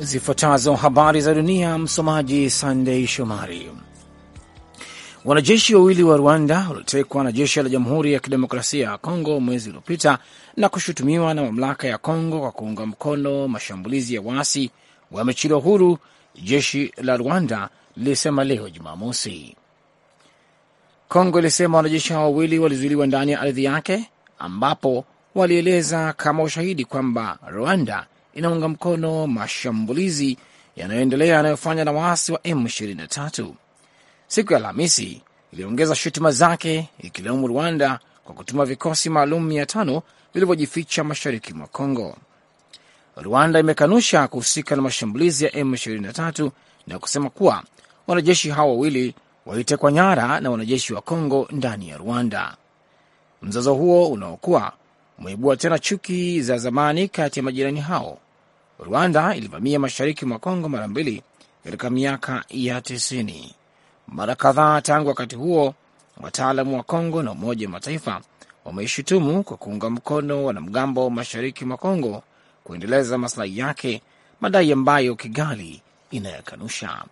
Zifuatazo habari za dunia, msomaji Sandei Shomari. Wanajeshi wawili wa Rwanda waliotekwa na jeshi la Jamhuri ya Kidemokrasia ya Kongo mwezi uliopita na kushutumiwa na mamlaka ya Kongo kwa kuunga mkono mashambulizi ya waasi wamechiliwa huru, jeshi la Rwanda lilisema leo Jumamosi. Kongo ilisema wanajeshi hao wawili walizuiliwa ndani ya ardhi yake, ambapo walieleza kama ushahidi kwamba Rwanda inaunga mkono mashambulizi yanayoendelea yanayofanywa na waasi wa M23. Siku ya Alhamisi iliongeza shutuma zake ikilaumu Rwanda kwa kutuma vikosi maalum mia tano vilivyojificha mashariki mwa congo Rwanda imekanusha kuhusika na mashambulizi ya M23 na kusema kuwa wanajeshi hao wawili walitekwa nyara na wanajeshi wa congo ndani ya Rwanda. Mzozo huo unaokuwa umeibua tena chuki za zamani kati ya majirani hao. Rwanda ilivamia mashariki mwa Kongo mara mbili katika miaka ya tisini. Mara kadhaa tangu wakati huo, wataalamu wa Kongo na Umoja wa Mataifa wameishutumu kwa kuunga mkono wanamgambo mashariki mwa Kongo kuendeleza maslahi yake, madai ambayo Kigali inayakanusha.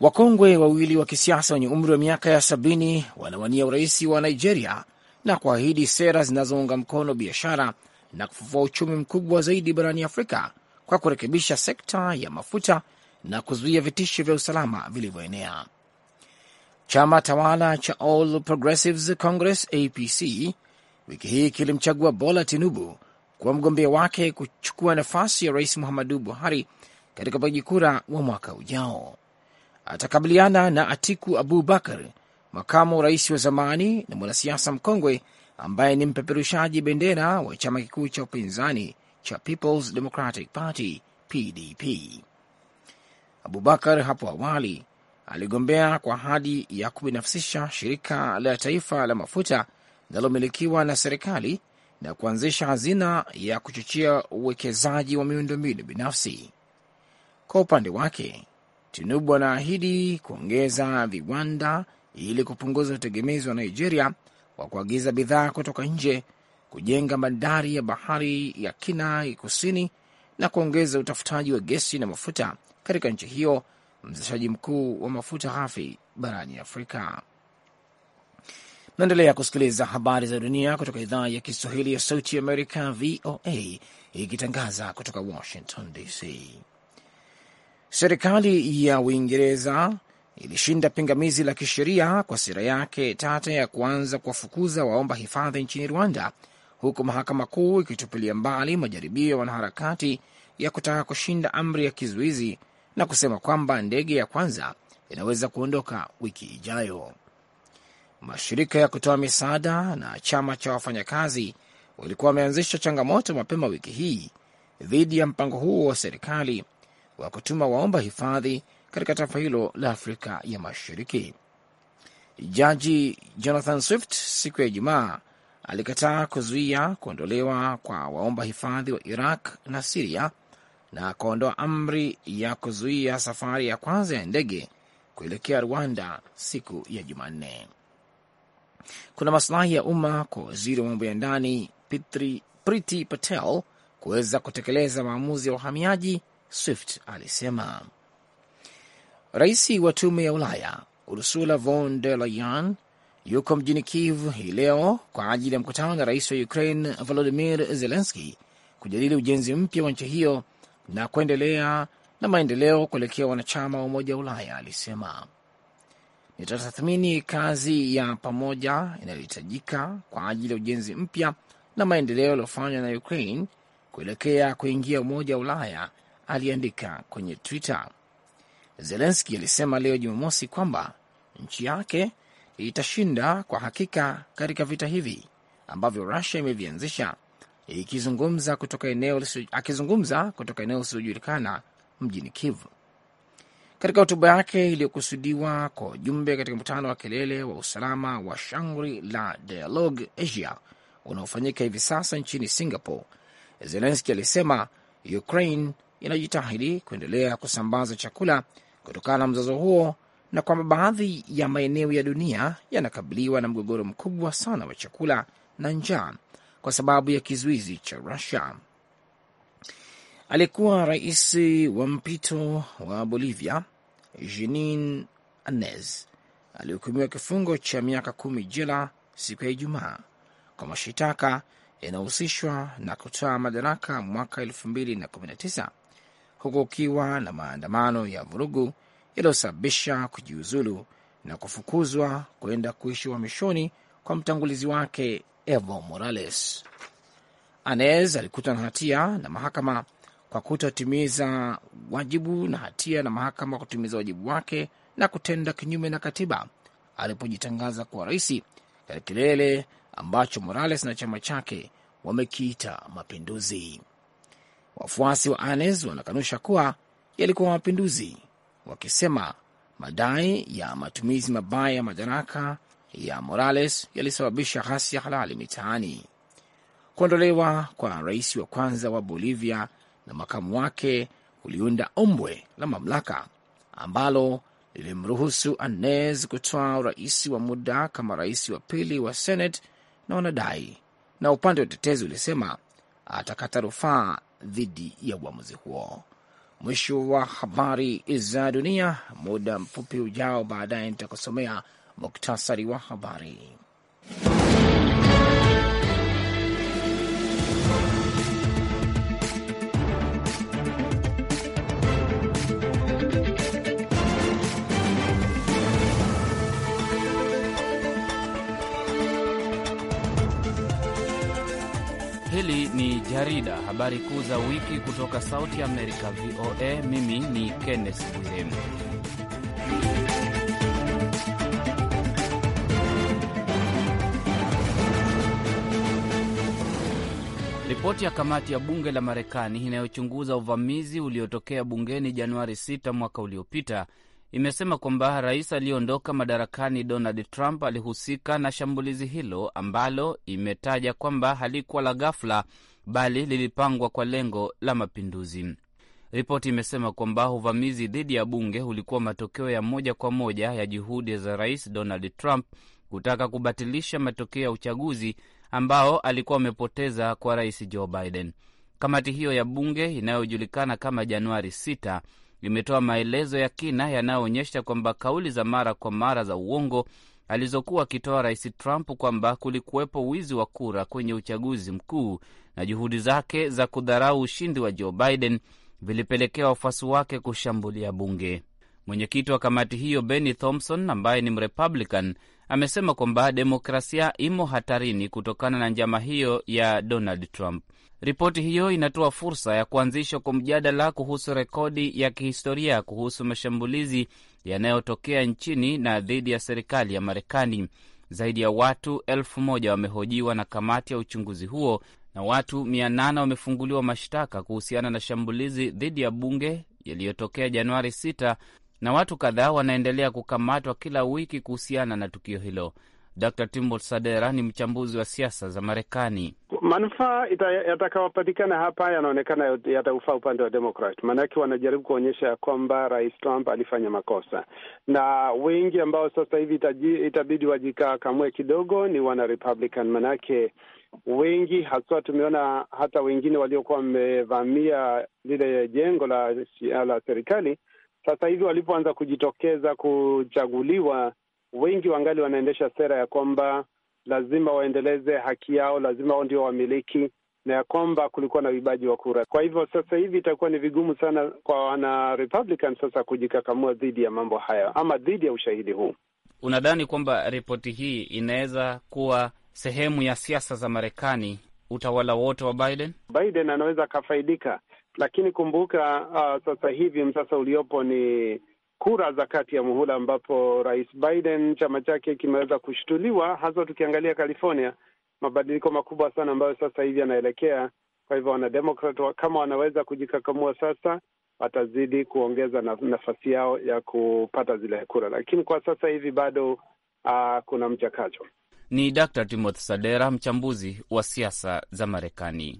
Wakongwe wawili wa kisiasa wenye umri wa miaka ya sabini wanawania urais wa Nigeria na kuahidi sera zinazounga mkono biashara na kufufua uchumi mkubwa zaidi barani Afrika kwa kurekebisha sekta ya mafuta na kuzuia vitisho vya usalama vilivyoenea. Chama tawala cha All Progressives Congress APC wiki hii kilimchagua Bola Tinubu kuwa mgombea wake kuchukua nafasi ya Rais Muhammadu Buhari katika upigaji kura wa mwaka ujao. Atakabiliana na Atiku Abubakar makamu rais wa zamani na mwanasiasa mkongwe ambaye ni mpeperushaji bendera wa chama kikuu cha upinzani cha People's Democratic Party PDP. Abubakar hapo awali aligombea kwa ahadi ya kubinafsisha shirika la taifa la mafuta linalomilikiwa na serikali na kuanzisha hazina ya kuchochea uwekezaji wa miundombinu binafsi. Kwa upande wake, Tinubu anaahidi kuongeza viwanda ili kupunguza utegemezi wa Nigeria wa kuagiza bidhaa kutoka nje, kujenga bandari ya bahari ya ya Kusini na kuongeza utafutaji wa gesi na mafuta katika nchi hiyo, mzalishaji mkuu wa mafuta ghafi barani Afrika. Naendelea kusikiliza habari za dunia kutoka idhaa ya Kiswahili ya Sauti ya Amerika, VOA, ikitangaza kutoka Washington DC. Serikali ya Uingereza ilishinda pingamizi la kisheria kwa sera yake tata ya kuanza kuwafukuza waomba hifadhi nchini Rwanda, huku mahakama kuu ikitupilia mbali majaribio ya wanaharakati ya kutaka kushinda amri ya kizuizi na kusema kwamba ndege ya kwanza inaweza kuondoka wiki ijayo. Mashirika ya kutoa misaada na chama cha wafanyakazi walikuwa wameanzisha changamoto mapema wiki hii dhidi ya mpango huo wa serikali wa kutuma waomba hifadhi katika taifa hilo la Afrika ya Mashariki. Jaji Jonathan Swift siku ya Ijumaa alikataa kuzuia kuondolewa kwa waomba hifadhi wa Iraq na Siria na akaondoa amri ya kuzuia safari ya kwanza ya ndege kuelekea Rwanda siku ya Jumanne. Kuna masilahi ya umma kwa waziri wa mambo ya ndani Priti Patel kuweza kutekeleza maamuzi ya uhamiaji, Swift alisema. Rais wa tume ya Ulaya Ursula von der Leyen yuko mjini Kiev hii leo kwa ajili ya mkutano na rais wa Ukraine Volodimir Zelenski kujadili ujenzi mpya wa nchi hiyo na kuendelea na maendeleo kuelekea wanachama wa Umoja wa Ulaya. Alisema, nitatathmini kazi ya pamoja inayohitajika kwa ajili ya ujenzi mpya na maendeleo yaliyofanywa na Ukraine kuelekea kuingia Umoja wa Ulaya, aliandika kwenye Twitter. Zelenski alisema leo Jumamosi kwamba nchi yake itashinda kwa hakika katika vita hivi ambavyo Rusia imevianzisha, akizungumza kutoka eneo lisilojulikana mjini kiv Katika hotuba yake iliyokusudiwa kwa wajumbe katika mkutano wa kelele wa usalama wa Shangri la Dialogue Asia unaofanyika hivi sasa nchini Singapore, Zelenski alisema Ukraine inajitahidi kuendelea kusambaza chakula kutokana na mzozo huo na kwamba baadhi ya maeneo ya dunia yanakabiliwa na mgogoro mkubwa sana wa chakula na njaa kwa sababu ya kizuizi cha Rusia. Aliyekuwa rais wa mpito wa Bolivia Jeanine Anez alihukumiwa kifungo cha miaka kumi jela siku ya Ijumaa kwa mashitaka yanayohusishwa na kutoa madaraka mwaka 2019 huku ukiwa na maandamano ya vurugu yaliyosababisha kujiuzulu na kufukuzwa kwenda kuishi uhamishoni kwa mtangulizi wake Evo Morales. Anez alikutwa na hatia na mahakama kwa kutotimiza wajibu na hatia na mahakama kutimiza wajibu wake na kutenda kinyume na katiba alipojitangaza kuwa rais katika yaani kilele ambacho Morales na chama chake wamekiita mapinduzi. Wafuasi wa Anes wanakanusha kuwa yalikuwa mapinduzi, wakisema madai ya matumizi mabaya ya madaraka ya Morales yalisababisha ghasia ya halali mitaani. Kuondolewa kwa rais wa kwanza wa Bolivia na makamu wake kuliunda ombwe la mamlaka ambalo lilimruhusu Anez kutoa urais wa muda kama rais wa pili wa Senate na wanadai, na upande wa utetezi ulisema atakata rufaa dhidi ya uamuzi huo. Mwisho wa habari za dunia. Muda mfupi ujao baadaye nitakusomea muktasari wa habari. Hili ni jarida habari kuu za wiki kutoka Sauti Amerika, VOA. Mimi ni Kenneth Bwire. Ripoti ya kamati ya bunge la Marekani inayochunguza uvamizi uliotokea bungeni Januari 6 mwaka uliopita imesema kwamba rais aliyeondoka madarakani Donald Trump alihusika na shambulizi hilo ambalo imetaja kwamba halikuwa la ghafla, bali lilipangwa kwa lengo la mapinduzi. Ripoti imesema kwamba uvamizi dhidi ya bunge ulikuwa matokeo ya moja kwa moja ya juhudi za rais Donald Trump kutaka kubatilisha matokeo ya uchaguzi ambao alikuwa amepoteza kwa rais Joe Biden. Kamati hiyo ya bunge inayojulikana kama Januari 6 limetoa maelezo ya kina yanayoonyesha kwamba kauli za mara kwa mara za uongo alizokuwa akitoa Rais Trump kwamba kulikuwepo wizi wa kura kwenye uchaguzi mkuu na juhudi zake za kudharau ushindi wa Joe Biden vilipelekea wafuasi wake kushambulia bunge. Mwenyekiti wa kamati hiyo Benny Thompson ambaye ni Mrepublican amesema kwamba demokrasia imo hatarini kutokana na njama hiyo ya Donald Trump. Ripoti hiyo inatoa fursa ya kuanzishwa kwa mjadala kuhusu rekodi ya kihistoria kuhusu mashambulizi yanayotokea nchini na dhidi ya serikali ya Marekani. Zaidi ya watu elfu moja wamehojiwa na kamati ya uchunguzi huo na watu mia nane wamefunguliwa mashtaka kuhusiana na shambulizi dhidi ya bunge yaliyotokea Januari 6 na watu kadhaa wanaendelea kukamatwa kila wiki kuhusiana na tukio hilo. Dr Timbo Sadera ni mchambuzi wa siasa za Marekani manufaa yatakayopatikana hapa yanaonekana yataufaa upande wa Demokrat, maanake wanajaribu kuonyesha ya kwamba Rais Trump alifanya makosa, na wengi ambao sasa hivi itabidi wajikakamue kidogo ni wana Republican, maanake wengi haswa, tumeona hata wengine waliokuwa wamevamia lile jengo la, la serikali sasa hivi walipoanza kujitokeza kuchaguliwa, wengi wangali wanaendesha sera ya kwamba lazima waendeleze haki yao, lazima wao ndio wamiliki, na ya kwamba kulikuwa na uibaji wa kura. Kwa hivyo sasa hivi itakuwa ni vigumu sana kwa wana Republican sasa kujikakamua dhidi ya mambo haya ama dhidi ya ushahidi huu. Unadhani kwamba ripoti hii inaweza kuwa sehemu ya siasa za Marekani, utawala wote wa Biden? Biden anaweza akafaidika, lakini kumbuka, uh, sasa hivi msasa uliopo ni kura za kati ya muhula ambapo Rais Biden chama chake kimeweza kushtuliwa, hasa tukiangalia California, mabadiliko makubwa sana ambayo sasa hivi yanaelekea. Kwa hivyo wanademokrat kama wanaweza kujikakamua sasa, watazidi kuongeza na, nafasi yao ya kupata zile kura, lakini kwa sasa hivi bado uh, kuna mchakacho. Ni Dr. Timothy Sadera, mchambuzi wa siasa za Marekani.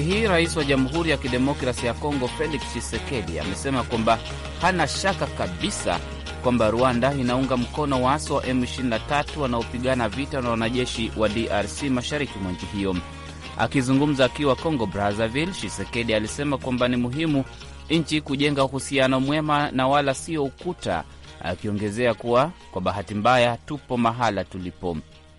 wiki hii rais wa Jamhuri ya Kidemokrasi ya Kongo Felix Tshisekedi amesema kwamba hana shaka kabisa kwamba Rwanda inaunga mkono waasi wa M23 wanaopigana vita na wanajeshi wa DRC mashariki mwa nchi hiyo. Akizungumza akiwa Congo Brazzaville, Tshisekedi alisema kwamba ni muhimu nchi kujenga uhusiano mwema na wala sio ukuta, akiongezea kuwa kwa bahati mbaya tupo mahala tulipo.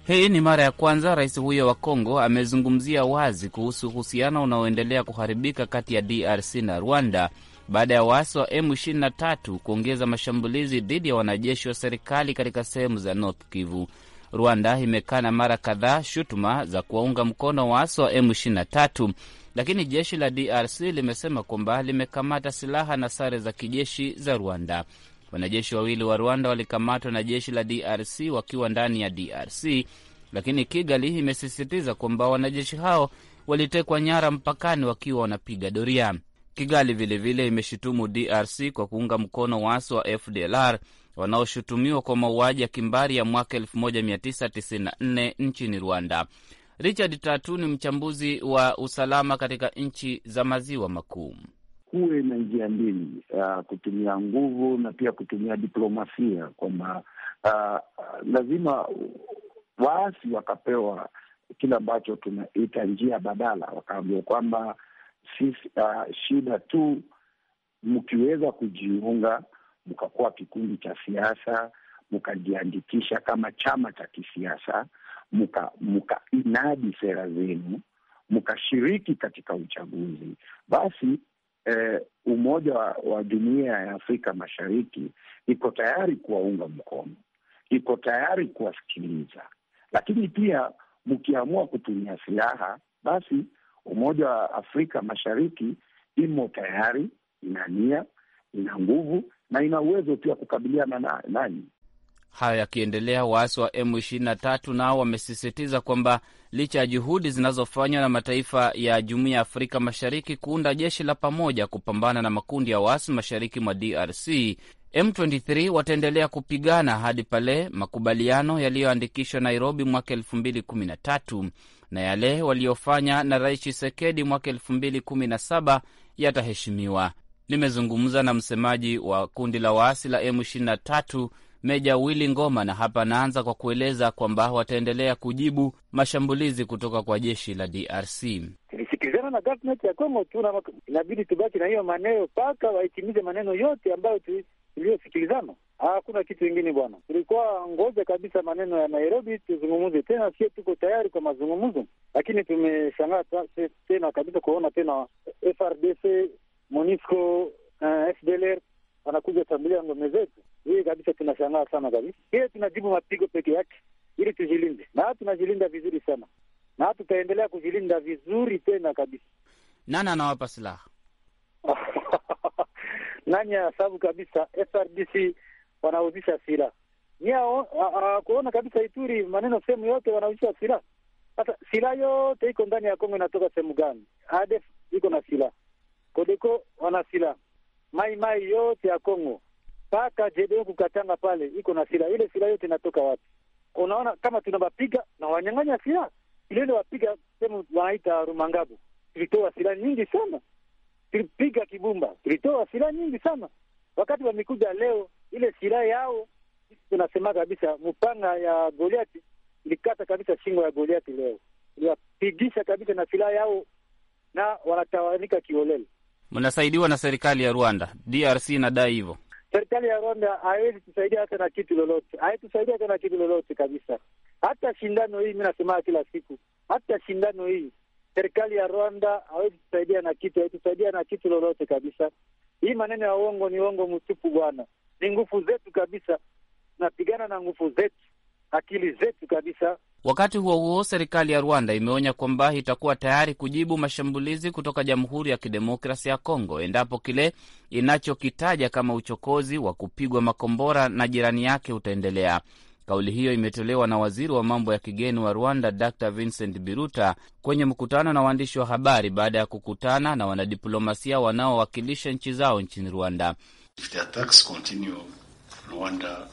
Hii ni mara ya kwanza rais huyo wa Kongo amezungumzia wazi kuhusu uhusiano unaoendelea kuharibika kati ya DRC na Rwanda baada ya waasi wa M23 kuongeza mashambulizi dhidi ya wanajeshi wa serikali katika sehemu za North Kivu. Rwanda imekana mara kadhaa shutuma za kuwaunga mkono waasi wa M23, lakini jeshi la DRC limesema kwamba limekamata silaha na sare za kijeshi za Rwanda. Wanajeshi wawili wa Rwanda walikamatwa na jeshi la DRC wakiwa ndani ya DRC, lakini Kigali imesisitiza kwamba wanajeshi hao walitekwa nyara mpakani wakiwa wanapiga doria. Kigali vilevile imeshutumu DRC kwa kuunga mkono waasi wa FDLR wanaoshutumiwa kwa mauaji ya kimbari ya mwaka 1994 nchini Rwanda. Richard Tatu ni mchambuzi wa usalama katika nchi za maziwa makuu kuwe na njia mbili, uh, kutumia nguvu na pia kutumia diplomasia, kwamba uh, lazima waasi wakapewa kile ambacho tunaita njia badala, wakaambia kwamba sisi, uh, shida tu mkiweza kujiunga mkakuwa kikundi cha siasa mkajiandikisha kama chama cha kisiasa mkainadi sera zenu mkashiriki katika uchaguzi, basi eh, umoja wa, wa jumuiya ya Afrika Mashariki iko tayari kuwaunga mkono, iko tayari kuwasikiliza, lakini pia mkiamua kutumia silaha, basi umoja wa Afrika Mashariki imo tayari, ina nia, ina nguvu na ina uwezo pia kukabiliana na Hayo yakiendelea, waasi wa M23 nao wamesisitiza kwamba licha ya juhudi zinazofanywa na mataifa ya jumuiya ya Afrika Mashariki kuunda jeshi la pamoja kupambana na makundi ya waasi mashariki mwa DRC, M23 wataendelea kupigana hadi pale makubaliano yaliyoandikishwa Nairobi mwaka 2013 na yale waliofanya na Rais Chisekedi mwaka 217 yataheshimiwa. Nimezungumza na msemaji wa kundi la waasi la M23 Meja Willy Ngoma, na hapa anaanza kwa kueleza kwamba wataendelea kujibu mashambulizi kutoka kwa jeshi la DRC. Tulisikilizana na government ya Congo, tuna inabidi tubaki na hiyo maneno mpaka waitimize maneno yote ambayo tuliyosikilizana. Hakuna kitu ingine bwana, tulikuwa ngoja kabisa maneno ya Nairobi tuzungumuze tena. Sio tuko tayari kwa mazungumzo, lakini tumeshangaa tena kabisa kuona tena FRDC, MONUSCO, uh, eh, FDLR wanakuja kushambulia ngome zetu. Hii kabisa tunashangaa sana kabisa. Hiyo tunajibu mapigo peke yake ili tujilinde, na tunajilinda vizuri sana, na tutaendelea kujilinda vizuri tena kabisa. Nani anawapa silaha? Nani asabu kabisa, FRDC wanauzisha silaha nyao, kuona kabisa Ituri maneno sehemu yote wanauzisha silaha. Sasa silaha yote iko ndani ya Kongo inatoka sehemu gani? ADF iko na silaha, Kodeko wana silaha mai mai yote ya Kongo mpaka JDM kukatanga pale iko na silaha ile. Silaha yote inatoka wapi? Unaona kama tunawapiga na wanyang'anya silaha ile ile, wapiga sehemu wanaita Rumangabu, tulitoa silaha nyingi sana, tulipiga Kibumba, tulitoa silaha nyingi sana. Wakati wamekuja leo, ile silaha yao tunasema kabisa, mpanga ya Goliati ilikata kabisa shingo ya Goliati leo, iliwapigisha kabisa na silaha yao, na wanatawanika kiolele. Mnasaidiwa na serikali ya Rwanda, DRC inadai hivyo. Serikali ya Rwanda haiwezi tusaidia hata na kitu lolote, haitusaidia hata na kitu lolote kabisa. Hata shindano hii mi nasemaa kila siku, hata shindano hii serikali ya Rwanda hawezi tusaidia na kitu, haitusaidia na kitu lolote kabisa. Hii maneno ya uongo ni uongo mtupu bwana, ni nguvu zetu kabisa, tunapigana na nguvu zetu akili zetu kabisa. Wakati huo huo, serikali ya Rwanda imeonya kwamba itakuwa tayari kujibu mashambulizi kutoka Jamhuri ya Kidemokrasia ya Kongo endapo kile inachokitaja kama uchokozi wa kupigwa makombora na jirani yake utaendelea. Kauli hiyo imetolewa na waziri wa mambo ya kigeni wa Rwanda Dr Vincent Biruta kwenye mkutano na waandishi wa habari baada ya kukutana na wanadiplomasia wanaowakilisha nchi zao nchini Rwanda. If the attacks continue, Rwanda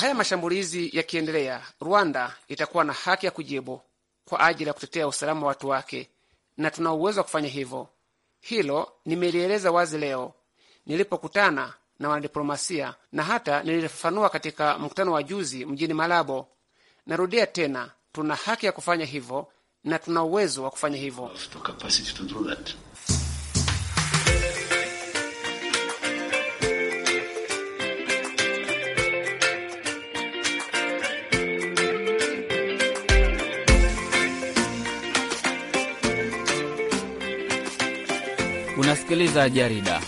Haya mashambulizi yakiendelea, Rwanda itakuwa na haki ya kujibu kwa ajili ya kutetea usalama wa watu wake, na tuna uwezo wa kufanya hivyo. Hilo nimelieleza wazi leo nilipokutana na wanadiplomasia na hata nilifafanua katika mkutano wa juzi mjini Malabo. Narudia tena, tuna haki ya kufanya hivyo na tuna uwezo wa kufanya hivyo. Unasikiliza jarida.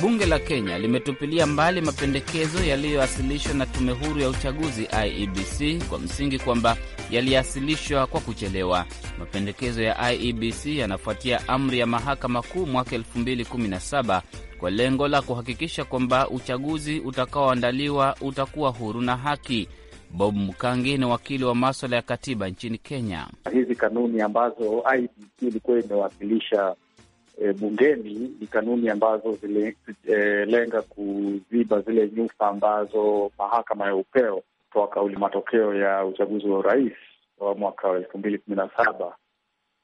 Bunge la Kenya limetupilia mbali mapendekezo yaliyowasilishwa na tume huru ya uchaguzi IEBC kwa msingi kwamba yaliwasilishwa kwa kuchelewa. Mapendekezo ya IEBC yanafuatia amri ya mahakama kuu mwaka 2017 kwa lengo la kuhakikisha kwamba uchaguzi utakaoandaliwa utakuwa huru na haki. Bob Mkangi ni wakili wa maswala ya katiba nchini Kenya. Hizi kanuni ambazo IEBC ilikuwa imewasilisha e, bungeni ni kanuni ambazo zililenga eh, e, kuziba zile nyufa ambazo mahakama ya upeo toa kauli matokeo ya uchaguzi wa urais wa mwaka wa elfu mbili kumi na saba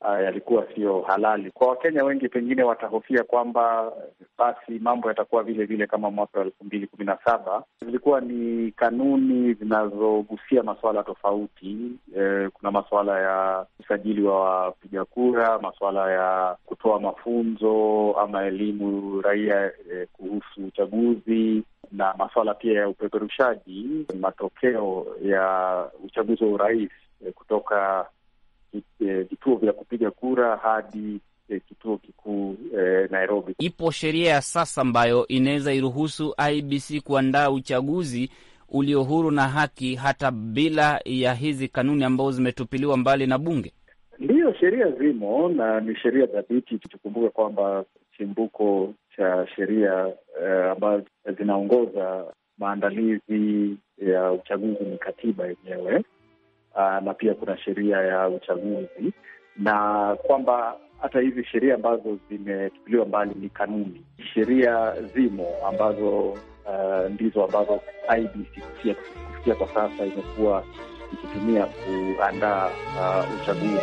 Ah, yalikuwa siyo halali. Kwa Wakenya wengi pengine watahofia kwamba basi mambo yatakuwa vile vile kama mwaka wa elfu mbili kumi na saba. Zilikuwa ni kanuni zinazogusia masuala tofauti. E, kuna masuala ya usajili wa wapiga kura, masuala ya kutoa mafunzo ama elimu raia e, kuhusu uchaguzi na masuala pia ya upeperushaji matokeo ya uchaguzi wa urais e, kutoka Eh, vituo vya kupiga kura hadi eh, kituo kikuu e, Nairobi. Ipo sheria ya sasa ambayo inaweza iruhusu IBC kuandaa uchaguzi ulio huru na haki hata bila ya hizi kanuni ambazo zimetupiliwa mbali na bunge. Ndiyo, sheria zimo na ni sheria dhabiti. Tukumbuke kwamba chimbuko cha sheria eh, ambazo zinaongoza maandalizi ya uchaguzi ni katiba yenyewe. Ah, na pia kuna sheria ya uchaguzi na kwamba hata hizi sheria ambazo zimetupiliwa mbali ni kanuni. Sheria zimo ambazo uh, ndizo ambazo IEBC kufikia kwa sasa imekuwa ikitumia kuandaa uh, uchaguzi.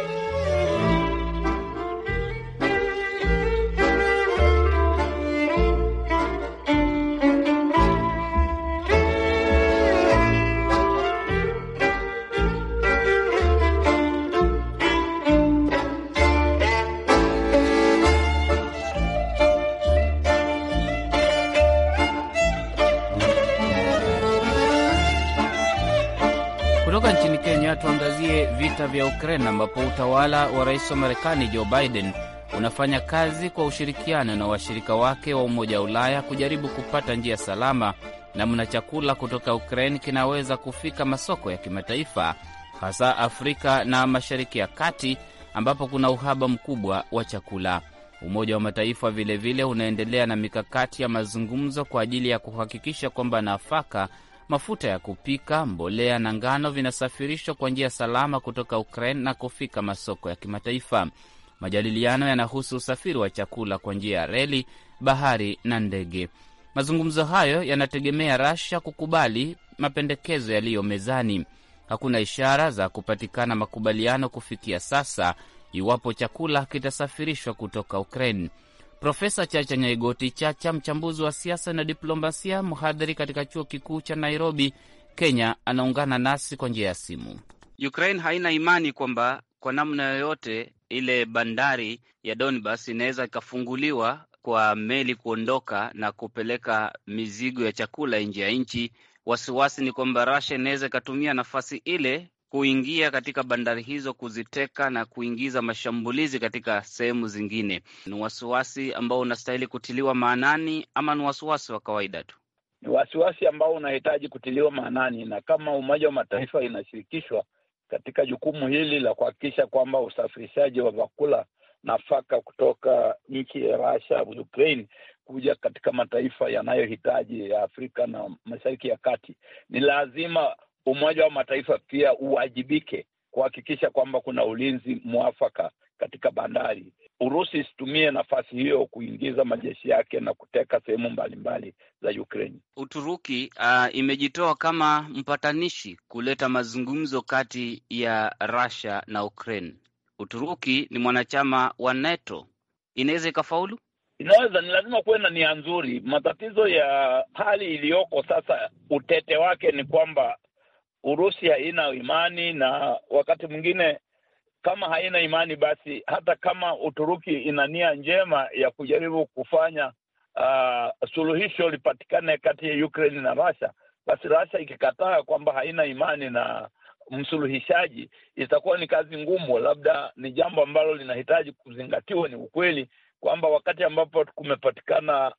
Kutoka nchini Kenya tuangazie vita vya ukrain ambapo utawala wa rais wa Marekani Joe Biden unafanya kazi kwa ushirikiano na washirika wake wa Umoja wa Ulaya kujaribu kupata njia salama namna chakula kutoka ukrain kinaweza kufika masoko ya kimataifa hasa Afrika na Mashariki ya Kati ambapo kuna uhaba mkubwa wa chakula. Umoja wa Mataifa vilevile vile unaendelea na mikakati ya mazungumzo kwa ajili ya kuhakikisha kwamba nafaka Mafuta ya kupika, mbolea na ngano vinasafirishwa kwa njia salama kutoka Ukraine na kufika masoko ya kimataifa. Majadiliano yanahusu usafiri wa chakula kwa njia ya reli, bahari na ndege. Mazungumzo hayo yanategemea Russia kukubali mapendekezo yaliyo mezani. Hakuna ishara za kupatikana makubaliano kufikia sasa iwapo chakula kitasafirishwa kutoka Ukraine. Profesa Chacha Nyaigoti Chacha, mchambuzi wa siasa na diplomasia, mhadhiri katika chuo kikuu cha Nairobi, Kenya, anaungana nasi kwa njia ya simu. Ukraine haina imani kwamba kwa namna yoyote ile bandari ya Donbas inaweza ikafunguliwa kwa meli kuondoka na kupeleka mizigo ya chakula nje ya nchi. Wasiwasi ni kwamba Russia inaweza ikatumia nafasi ile kuingia katika bandari hizo kuziteka na kuingiza mashambulizi katika sehemu zingine. Ni wasiwasi ambao unastahili kutiliwa maanani ama ni wasiwasi wa kawaida tu? Ni wasiwasi ambao unahitaji kutiliwa maanani, na kama Umoja wa Mataifa inashirikishwa katika jukumu hili la kuhakikisha kwamba usafirishaji wa vyakula, nafaka kutoka nchi ya Russia, Ukraine kuja katika mataifa yanayohitaji ya Afrika na Mashariki ya Kati, ni lazima Umoja wa Mataifa pia uwajibike kuhakikisha kwamba kuna ulinzi mwafaka katika bandari. Urusi isitumie nafasi hiyo kuingiza majeshi yake na kuteka sehemu mbalimbali za Ukraine. Uturuki uh, imejitoa kama mpatanishi kuleta mazungumzo kati ya Russia na Ukraine. Uturuki ni mwanachama wa NATO, inaweza ikafaulu? Inaweza, ni lazima kuwe na nia nzuri. Matatizo ya hali iliyoko sasa, utete wake ni kwamba Urusi haina imani, na wakati mwingine kama haina imani, basi hata kama Uturuki ina nia njema ya kujaribu kufanya uh, suluhisho lipatikane kati ya Ukraine na Russia, basi Russia ikikataa kwamba haina imani na msuluhishaji, itakuwa ni kazi ngumu. Labda ni jambo ambalo linahitaji kuzingatiwa, ni ukweli kwamba wakati ambapo kumepatikana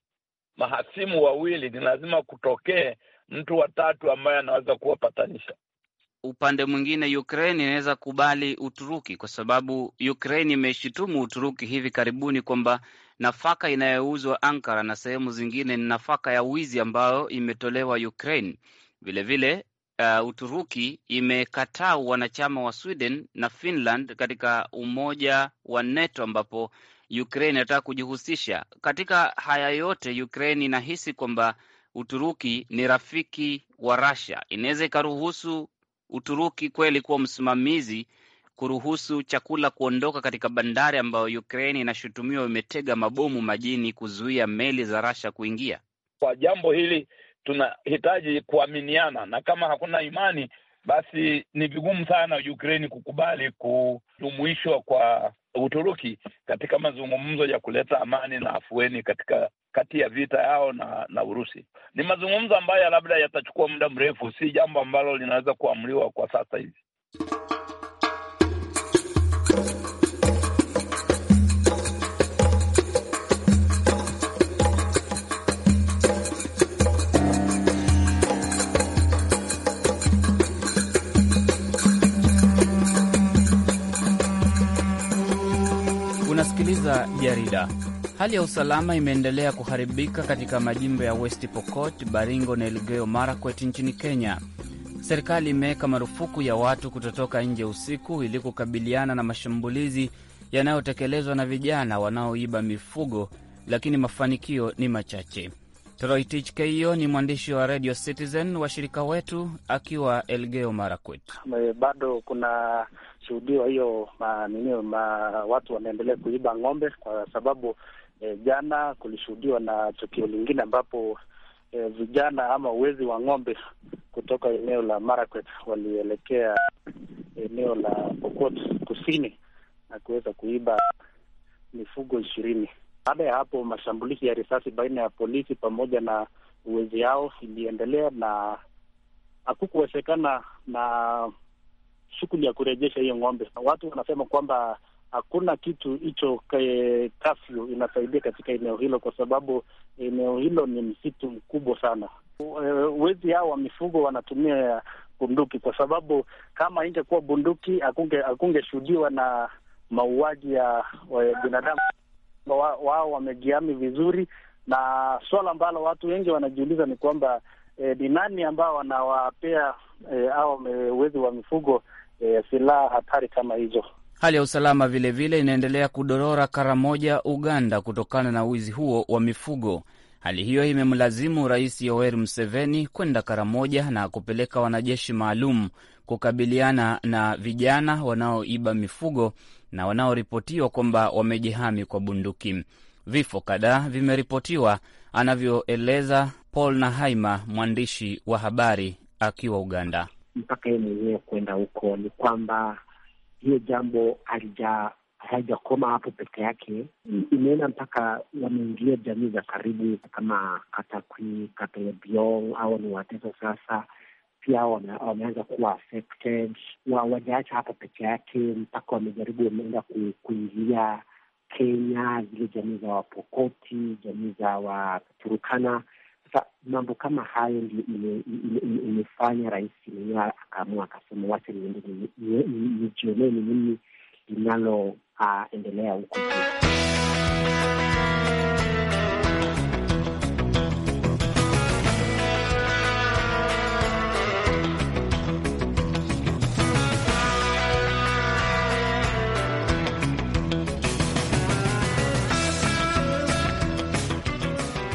mahasimu wawili, ni lazima kutokee mtu watatu ambaye anaweza kuwapatanisha. Upande mwingine, Ukraine inaweza kubali Uturuki kwa sababu Ukraine imeshutumu Uturuki hivi karibuni kwamba nafaka inayouzwa Ankara na sehemu zingine ni nafaka ya wizi ambayo imetolewa Ukraine. Vilevile uh, Uturuki imekataa wanachama wa Sweden na Finland katika umoja wa NATO ambapo Ukraine inataka kujihusisha katika haya yote. Ukraine inahisi kwamba Uturuki ni rafiki wa Russia, inaweza ikaruhusu Uturuki kweli kuwa msimamizi kuruhusu chakula kuondoka katika bandari ambayo Ukraine inashutumiwa imetega mabomu majini kuzuia meli za Russia kuingia. Kwa jambo hili tunahitaji kuaminiana, na kama hakuna imani, basi ni vigumu sana Ukraine kukubali kujumuishwa kwa Uturuki katika mazungumzo ya kuleta amani na afueni katika kati ya vita yao na na Urusi. Ni mazungumzo ambayo labda yatachukua muda mrefu, si jambo ambalo linaweza kuamriwa kwa sasa hivi. Unasikiliza jarida Hali ya usalama imeendelea kuharibika katika majimbo ya West Pokot, Baringo na Elgeyo Marakwet nchini Kenya. Serikali imeweka marufuku ya watu kutotoka nje usiku ili kukabiliana na mashambulizi yanayotekelezwa na vijana wanaoiba mifugo, lakini mafanikio ni machache. Toroitich Keio ni mwandishi wa Radio Citizen wa shirika wetu akiwa Elgeyo Marakwet. Eh, bado kuna shuhudiwa hiyo ma, watu wanaendelea kuiba ng'ombe kwa sababu E, jana kulishuhudiwa na tukio lingine ambapo e, vijana ama uwezi wa ng'ombe kutoka eneo la Marakwet walielekea eneo la Pokot kusini na kuweza kuiba mifugo ishirini. Baada ya hapo, mashambulizi ya risasi baina ya polisi pamoja na uwezi hao iliendelea na hakukuwezekana na shughuli ya kurejesha hiyo ng'ombe. Watu wanasema kwamba hakuna kitu hicho kafyu inasaidia katika eneo hilo, kwa sababu eneo hilo ni msitu mkubwa sana. Eh, wezi hao wa mifugo wanatumia bunduki, kwa sababu kama ingekuwa bunduki hakungeshuhudiwa na mauaji ya binadamu. Wao wamejiami vizuri, na swala ambalo watu wengi wanajiuliza ni kwamba ni eh, ni nani ambao wanawapea eh, e, au wezi wa mifugo e, silaha hatari kama hizo. Hali ya usalama vilevile inaendelea kudorora Karamoja, Uganda, kutokana na wizi huo wa mifugo. Hali hiyo imemlazimu Rais Yoweri Museveni kwenda Karamoja na kupeleka wanajeshi maalum kukabiliana na vijana wanaoiba mifugo na wanaoripotiwa kwamba wamejihami kwa bunduki. Vifo kadhaa vimeripotiwa, anavyoeleza Paul Nahaima, mwandishi wa habari akiwa Uganda. Mpaka yeye mwenyewe kwenda huko ni kwamba hiyo jambo haijakoma hapo peke yake, imeenda mpaka wameingia jamii za karibu kama Katakwi, Kaperebiong au ni Wateso sasa pia wameanza kuwa affected. Wajaacha hapo peke yake, mpaka wamejaribu wameenda kuingia Kenya, zile jamii za Wapokoti, jamii za Waturukana sasa mambo kama hayo ndio imefanya rais mwenyewe akaamua akasema, wacha niende nijionee ni nini linaloendelea ah, huko.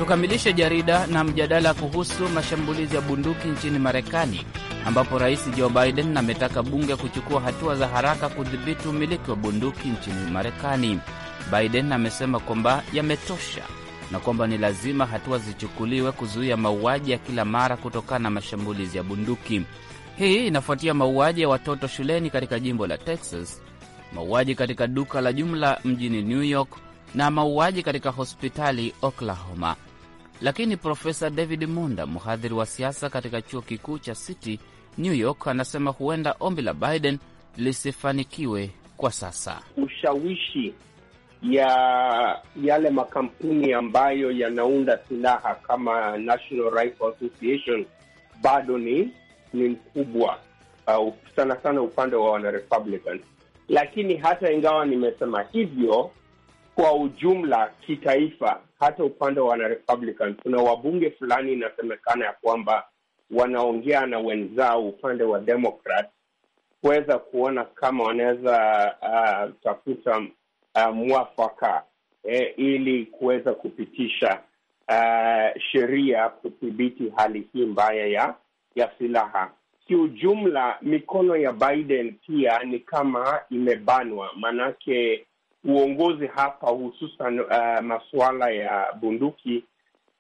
Tukamilishe jarida na mjadala kuhusu mashambulizi ya bunduki nchini Marekani, ambapo Rais Joe Biden ametaka bunge kuchukua hatua za haraka kudhibiti umiliki wa bunduki nchini Marekani. Biden amesema kwamba yametosha na kwamba ni lazima hatua zichukuliwe kuzuia mauaji ya kila mara kutokana na mashambulizi ya bunduki. Hii inafuatia mauaji ya watoto shuleni katika jimbo la Texas, mauaji katika duka la jumla mjini New York na mauaji katika hospitali Oklahoma. Lakini Profesa David Munda, mhadhiri wa siasa katika chuo kikuu cha City New York, anasema huenda ombi la Biden lisifanikiwe kwa sasa. Ushawishi ya yale makampuni ambayo yanaunda silaha kama National Rifle Association bado ni ni mkubwa, uh, sana sana upande wa wanarepublican. Lakini hata ingawa nimesema hivyo kwa ujumla kitaifa, hata upande wa wanarepublican kuna wabunge fulani inasemekana ya kwamba wanaongea na wenzao upande wa Democrat kuweza kuona kama wanaweza uh, tafuta uh, mwafaka eh, ili kuweza kupitisha uh, sheria kudhibiti hali hii mbaya ya ya silaha. Kiujumla, mikono ya Biden pia ni kama imebanwa, manake uongozi hapa hususan uh, masuala ya bunduki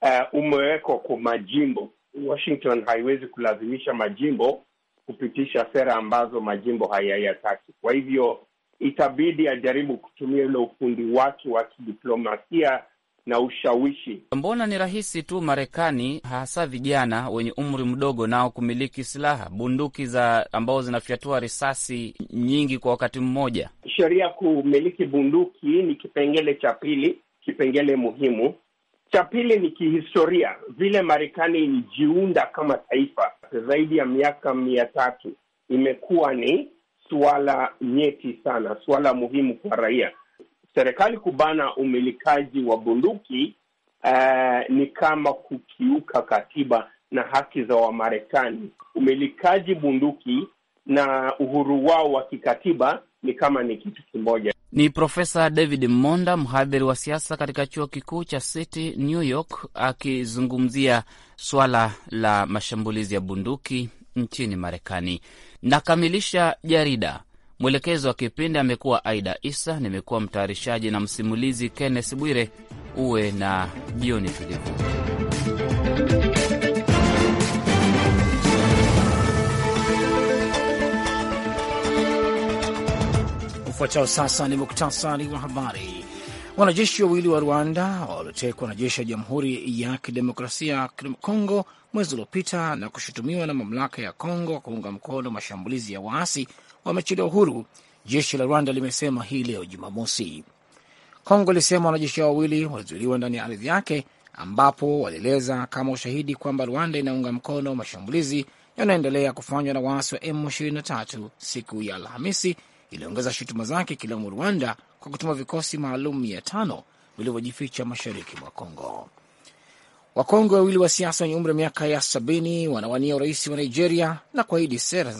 uh, umewekwa kwa majimbo. Washington haiwezi kulazimisha majimbo kupitisha sera ambazo majimbo hayayataki. Kwa hivyo itabidi ajaribu kutumia ule ufundi wake wa kidiplomasia na ushawishi. Mbona ni rahisi tu Marekani, hasa vijana wenye umri mdogo nao kumiliki silaha bunduki za ambao zinafyatua risasi nyingi kwa wakati mmoja? Sheria kumiliki bunduki ni kipengele cha pili, kipengele muhimu cha pili ni kihistoria, vile Marekani ilijiunda kama taifa zaidi ya miaka mia tatu imekuwa ni suala nyeti sana, suala muhimu kwa raia serikali kubana umilikaji wa bunduki uh, ni kama kukiuka katiba na haki za Wamarekani. Umilikaji bunduki na uhuru wao wa kikatiba ni kama ni kitu kimoja. Ni Profesa David Monda, mhadhiri wa siasa katika chuo kikuu cha City New York, akizungumzia swala la mashambulizi ya bunduki nchini Marekani. Nakamilisha jarida Mwelekezi wa kipindi amekuwa Aida Isa, nimekuwa mtayarishaji na msimulizi Kenneth Bwire. Uwe na jioni tulivu. Ufuatao sasa ni muktasari wa habari. Wanajeshi wawili wa Rwanda waliotekwa na jeshi ya Jamhuri ya Kidemokrasia Kongo mwezi uliopita na kushutumiwa na mamlaka ya Kongo kuunga mkono mashambulizi ya waasi wameachiliwa uhuru, jeshi la Rwanda limesema hii leo Jumamosi. Kongo ilisema wanajeshi wawili walizuiliwa ndani ya ardhi yake, ambapo walieleza kama ushahidi kwamba Rwanda inaunga mkono mashambulizi yanaendelea kufanywa na waasi wa M23. Siku ya Alhamisi iliongeza shutuma zake ikilaumu Rwanda kwa kutuma vikosi maalum mia tano vilivyojificha mashariki mwa Kongo. Wakongwe wawili wa siasa wenye umri wa miaka ya sabini wanawania urais wa Nigeria na kuahidi sera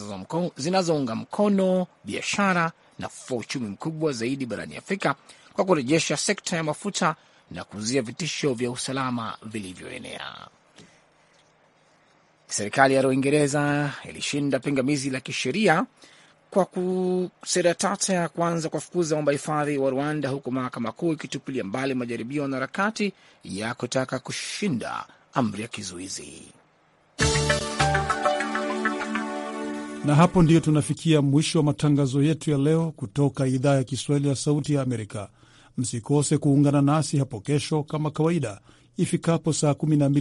zinazounga mkono biashara na kufufua uchumi mkubwa zaidi barani Afrika kwa kurejesha sekta ya mafuta na kuzuia vitisho vya usalama vilivyoenea. Serikali ya Uingereza ilishinda pingamizi la kisheria kwa sera tata ya kwanza kuwafukuza waomba hifadhi wa Rwanda, huku mahakama kuu ikitupilia mbali majaribio na harakati ya kutaka kushinda amri ya kizuizi. Na hapo ndiyo tunafikia mwisho wa matangazo yetu ya leo kutoka idhaa ya Kiswahili ya Sauti ya Amerika. Msikose kuungana nasi hapo kesho kama kawaida ifikapo saa 12